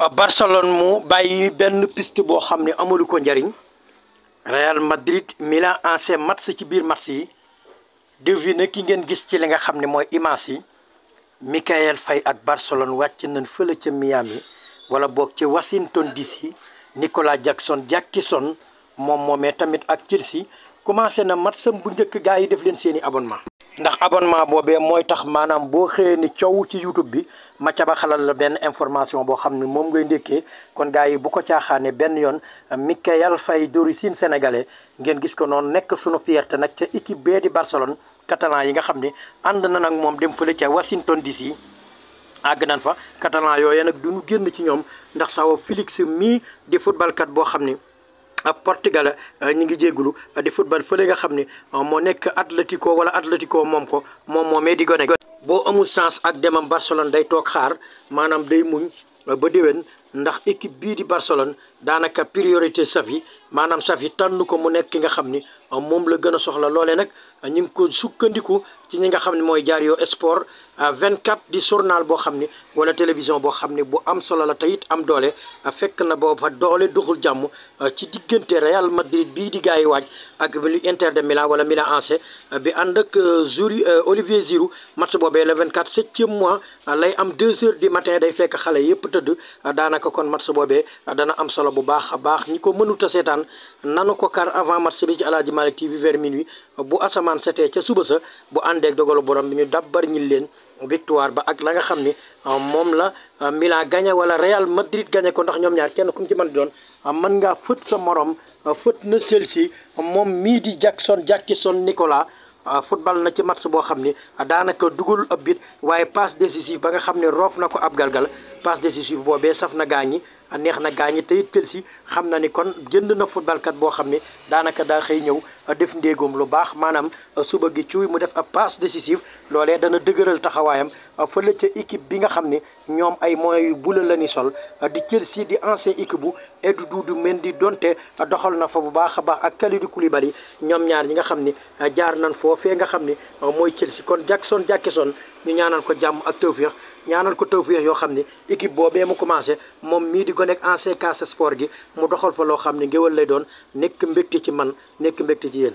Euh, Barcelone mu bàyyi benn piste boo xam ne amalu ko njariñ Real Madrid Milan ancien match ci biir match yi devine ki ngeen gis ci li nga xam ne mooy image yi Michael Fay ak Barcelone wàcc nañ fële ca Miami wala boog ci Washington DC Nicolas Jackson Jackison moom moomee tamit ak Chelsea commencé na match bu njëkk gars yi def leen seeni abonnement ndax abonnement boobee mooy tax maanaam boo xëyee ni coow ci YouTube bi ma caba xalal la benn information boo xam ne moom ngay ndékkee kon gars yi bu ko caaxaane benn yoon Mikayil Faye d'origine sénégalais ngeen gis ko noonu nekk sunu fierté nag ca équipe bee di Barcelone catalan yi nga xam ne ànd na nag moom dem fële ca Washington DC àgg nan fa catalan yooye nag duñu génn ci ñoom ndax sawo Félix mi di footballkat boo xam ni Portugal euh, ñu ngi jégalu euh, di football fële nga xam ne euh, moo nekk Atlético wala Atlético moom ko moom moomee di gone boo amul chance ak demam Barcelone day toog xaar maanaam day muñ ba déwén ndax équipe bii di Barcelone daanaka priorité saf yi maanaam saf yi tànn ko mu nekk ki nga xam ni moom la gën a soxla loole nag ñu ngi ko sukkandiku ci ñi nga xam ne mooy Diario Sport vingt 24 di journal boo xam ni wala télévision boo xam ni bu am solo la teyit am doole fekk na booba doole duxul jàmm ci diggante Real Madrid bii di gars yi waaj ak lu Inter de Milan wala Milan AC bi ànd ak euh, Juri euh, Olivier Giroud match boobee vingt 24 septième mois lay am deux heures di matin day fekk xale yëpp tëdd daanaka kon match boobee dana am solo bu baax a baax ñi ko mënuta seetaan nanu ko kar avant match bi ci Aladji Malick TV vers bu asamaan setee ca suba sa bu àndeek dogalu borom bi ñu dabbar ñi leen victoire ba ak la nga xam ni euh, moom la euh, Milan gagné wala Real Madrid gañe ko ndax ñoom ñaar kenn ku mu ci man di doon euh, man ngaa fët sa morom fët na Chelsea moom mii di Jackson Jackson Nicolas football na ci match boo xam ni daanaka dugul ab bit waaye passe décisive ba nga xam ne roof na ko ab galgal passe décisive boobee saf na gaañi a neex na gaa ñi tey Chelsea xam na ni kon jënd na footballkat boo xam ne daanaka daa xëy ñëw def ndéegoom lu baax maanaam suba gi cuuy mu def ab passe décisive loole dana dëgëral taxawaayam fële ca équipe bi nga xam ni ñoom ay moyens yu bula la ni sol di Chelsea di ancien équipe bu Edou men di donte doxal na fa bu baax a baax ak Kalidou Koulibaly ñoom ñaar ñi nga xam ni jaar nañ foofee nga xam ni mooy Chelsea kon Jackson Jackson ñu ñaanal ko jàmm ak ñaanal ko tawfeex yoo xam ni équipe bee mu commencé moom mii di gone ak ancien Casa gi mu doxal fa loo xam ne ngéwal lay doon nekk mbégte ci man nekk mbégte ci yéen